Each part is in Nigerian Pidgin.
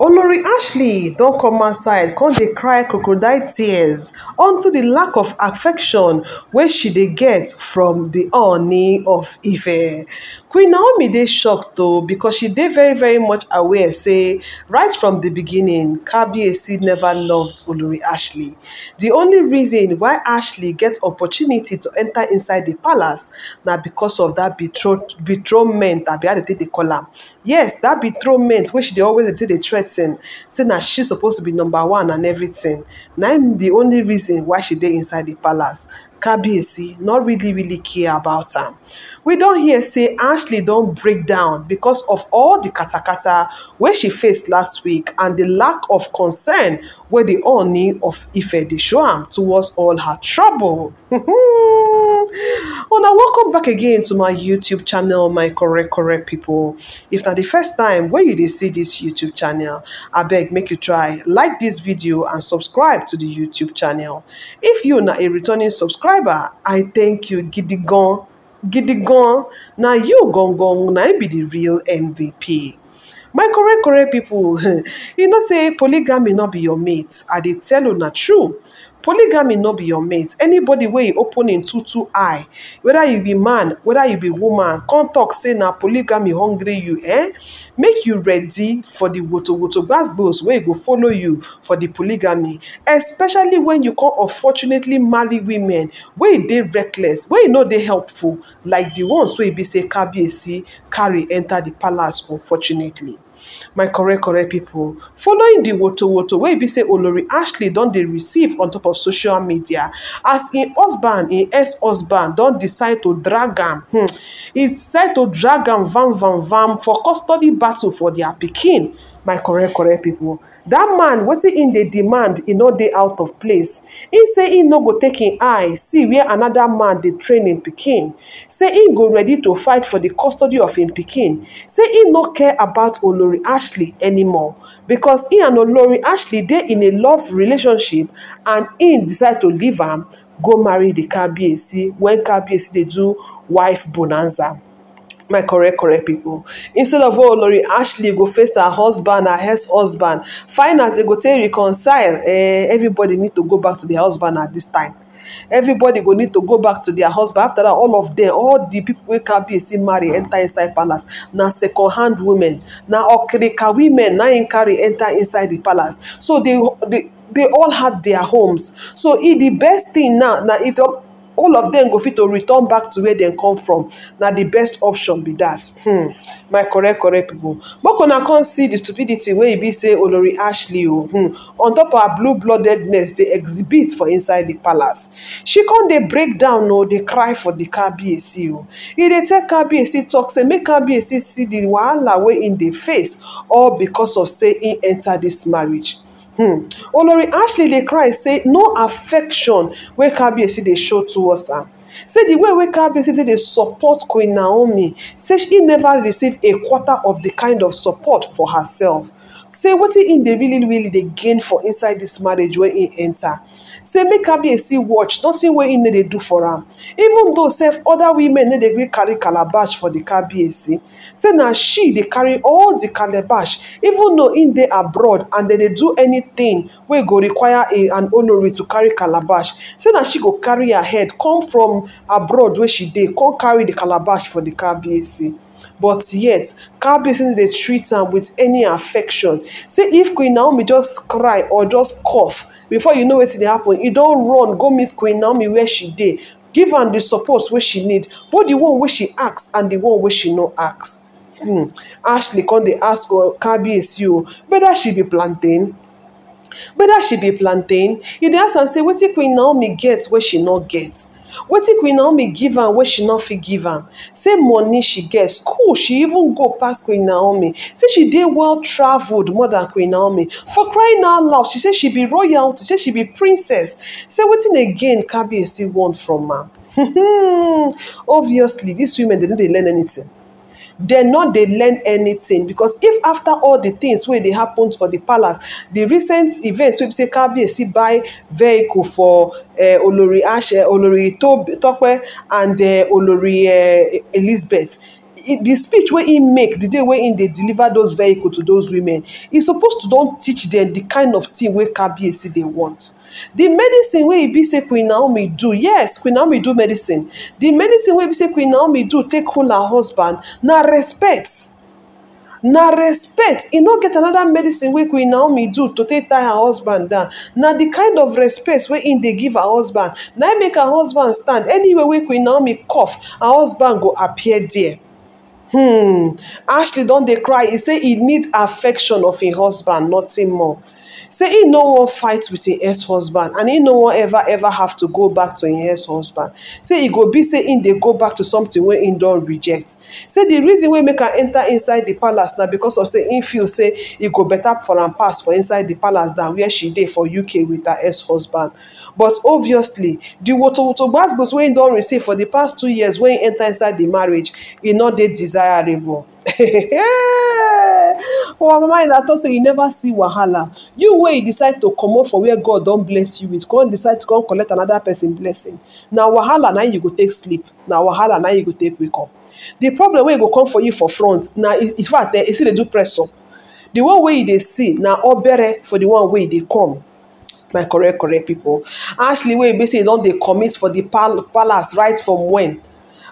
olori ashley don come outside come dey cry crocodile tears unto di lack of affection wey she dey get from di honey of ife Queen Naomi dey shocked though because she dey very very much aware say right from the beginning Kabiyesi never loved Olori Ashley. The only reason why Ashley get opportunity to enter inside the palace na because of dat betrothment abi how dem take dey call am. Yes that betrothment wey she dey always dey take dey threa ten say na she suppose to be number one and everything na im be di only reason why she dey inside the palace. not really really care about her. We don't hear say Ashley don't break down because of all the katakata where she faced last week and the lack of concern Where the Ooni of Ife dey show towards all her trouble. Oh, now welcome back again to my youtube channel my correct correct people. if na the first time wey you dey see this youtube channel I beg make you try like this video and subscribe to the youtube channel if you na a returning subscriber i thank you gon, gidigan gon. Now you gongon na im be the real mvp my correct correct people, you know say polygamy no be your mate i dey tell una true polygamy no be your mate anybody wey you open in two two eye whether you be man whether you be woman come talk say na polygamy hungry you eh make you ready for the woto woto gbasgbos wey go follow you for the polygamy especially when you come unfortunately marry women wey dey reckless wey no dey helpful like the ones wey e be say kabiyesi carry enter the palace unfortunately my correct correct people following the woto woto wey be say olori ashley don dey receive on top of social media as im husband im ex husband don decide to drag am hmm, e decide to drag am vam vam vam for custody battle for dia pikin my correct correct pipo dat man wetin im dey demand e no dey out of place He say he no go take im eye see where another man dey train im pikin say he go ready to fight for the custody of him pikin say he no care about olori ashley anymore because he and olori ashley dey in a love relationship and he decide to leave am go marry the kabiyesi when kabiyesi dey do wife bonanza my correct correct people. instead of oh, Lori ashley go face her husband her ex-husband find out they go take reconcile eh everybody need to go back to their husband at this time everybody go need to go back to their husband after that all of them all the people wey kabiyesi marry enter inside palace na second hand women na okerika women na im carry enter inside the palace so they they they all had their homes so e the best thing now na if all of them go fit to return back to where dem come from na the best option be that. hmm my correct correct pipo make una come see the stupidity wey e be say olori ashley o hmm on top her blue bloodedness dey exhibit for inside the palace she come dey break down o dey cry for the kbac o e dey tell kbac tok say make kbac see the wahala wey im e dey face all because of say im e enta this marriage um hmm. olori ashley dey cry say no affection wey KBC dey show towards am say the way wey KBC dey dey support queen naomi say she never receive a quarter of the kind of support for herself say wetin im dey really really dey gain for inside this marriage wey he enter say make kabiyesi watch nothing wey im no dey do for am even though sef oda women no dey gree carry calabash for di kabiyesi say na she dey carry all di calabash even though im dey abroad and dem dey do anything wey go require a an honorary to carry calabash say na she go carry her head come from abroad wey she dey come carry di calabash for di kabiyesi. but yet kabiyesi dey treat am with any affection say if queen naomi just cry or just cough before you know wetin dey happen e don run go meet queen naomi where she dey give am the support wey she need both the one wey she ask and the one wey she no ask hmm ashley come dey ask oh, kabiyesi o whether she be plantain whether she be plantain e dey ask am say wetin queen naomi get wey she no get wetin queen naomi give am wey she no fit give am say money she get school she even go pass queen naomi say she dey well travelled more than queen naomi for crying out loud she say she be royalty say she be princess say wetin again kabiyesi want from am hmm, obviously these women dey no dey learn anything dem no dey learn anything because if after all the things wey dey happen for the palace the recent event wey be say kabiyesi buy vehicle for eh, olori Ash, eh, olori tope and eh, olori elizabeth the speech where he make the day where in they deliver those vehicle to those women he's supposed to don't teach them the kind of thing where KBC they want the medicine where he be say queen naomi do yes queen naomi do medicine the medicine he be say queen naomi do take hold her husband na respect na respect He not get another medicine where queen naomi do to take tie her husband down na the kind of respect where in they give her husband na make her husband stand anywhere where queen naomi cough her husband go appear there um ashley don dey cry e say e need affection of im husband nothing more say e no wan fight with im ex husband and e no wan ever ever have to go back to im ex husband say e go be say im dey go back to something wey im don reject say the reason wey make am enter inside the palace na because of say im feel say e go better for am pass for inside the palace than where she dey for uk with her ex husband but obviously the wotowoto gbasgbos wey im don receive for the past two years wey im enta inside the marriage e no dey desirable our mind! I thought say you never see wahala you wey you decide to come up for where god don't bless you with come decide to come collect another person blessing Now wahala now you go take sleep Now wahala now you go take wake up the problem where wey go come for you for front Now in fact they, see they do press up the one way they see now all obere for the one way they come my correct correct people ashley where be say e don dey commit for the pal palace right from when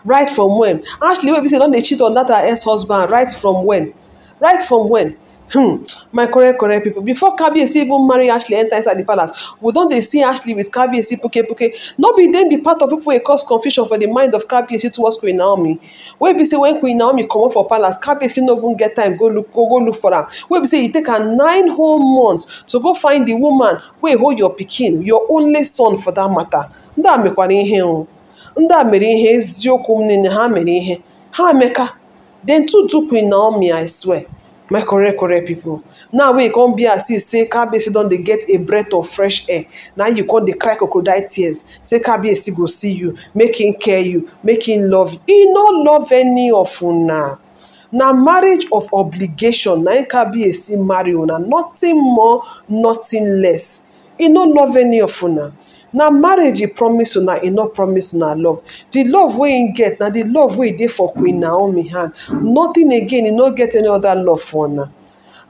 right from when ashley wey be say don dey cheat on that her uh, ex husband right from when right from when hmm my correct correct people. before kabiyesi even marry ashley enter inside the palace we don dey see ashley with kabiyesi puke puke no be dem be part of people wey cause confusion for the mind of kabiyesi towards queen naomi wey be say when queen naomi comot for palace kabiyesi no even get time go look go go look for am wey be say e take am nine whole months to go find the woman wey hold your pikin your only son for that matter ndị a mekwana ihe o ndị a mere ihe eziokwu m niile ha mere ihe ha emeka then two two queen naomi i swear my correct correct people now wey you come be as if say kabiyesi don dey get a breath of fresh air na you come dey cry crocodile tears say still go see you make him care you make him love you e no love any of una na marriage of obligation na him kabiyesi marry una nothing more nothing less e no love any of una na marriage e promise una e no promise una love The love wey im get na the love wey e dey for queen naomi hand nothing again e no get any other love for una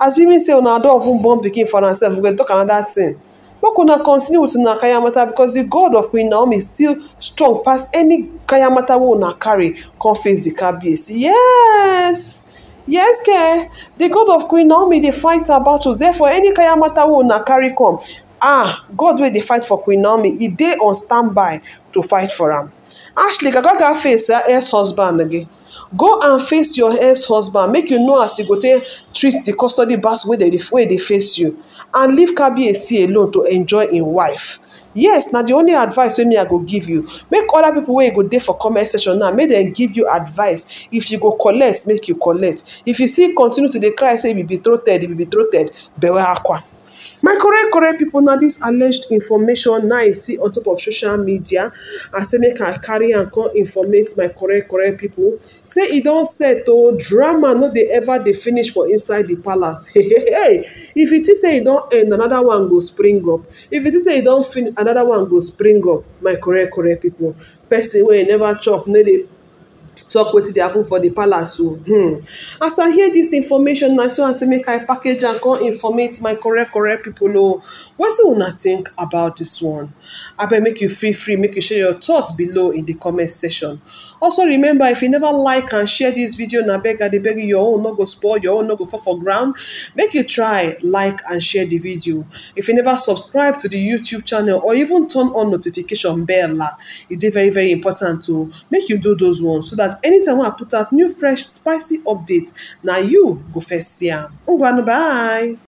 as even say una don even born pikin for herself, we go talk another thing make una continue with una kaya matter because the god of queen naomi still strong pass any kaya matter wey una carry come face the kabis. yes yes ke the god of queen naomi dey fight her battles therefore any kaya matter wey una carry come ah god will they fight for queen naomi He they on standby to fight for him. ashley go face her ex husband again go and face your ex husband make you know as you go there, treat the custody battle way they face you and leave kabiyesi alone to enjoy in wife yes now the only advice wey me i go give you make people pipo wey go day for comment section now make them give you advice if you go collect make you collect if you see continue to the cry say you be betrothed you be betrothed Beware, akwa my correct correct people. na this alleged information na i see on top of social media i say make i carry am come informate my correct correct people. say e don set o drama no dey ever dey finish for inside the palace hey if you think say e don end another one go spring up if you think say e don finish another one go spring up my correct correct people. person wey e never chop no dey talk wetin dey happen for di palace o oh. hmm as i hear dis information na so i say make i package am come informate my correct correct pipo o wetin una think about dis one abeg make you feel free make you share your thoughts below in di comment section also remember if you never like and share this video na beg i dey beg your own no go spoil your own no go fall for ground make you try like and share the video if you never subscribe to the youtube channel or even turn on notification bell it ah, is e very very important to make you do those ones so that anytime i put out new fresh spicy update na you go first see am bye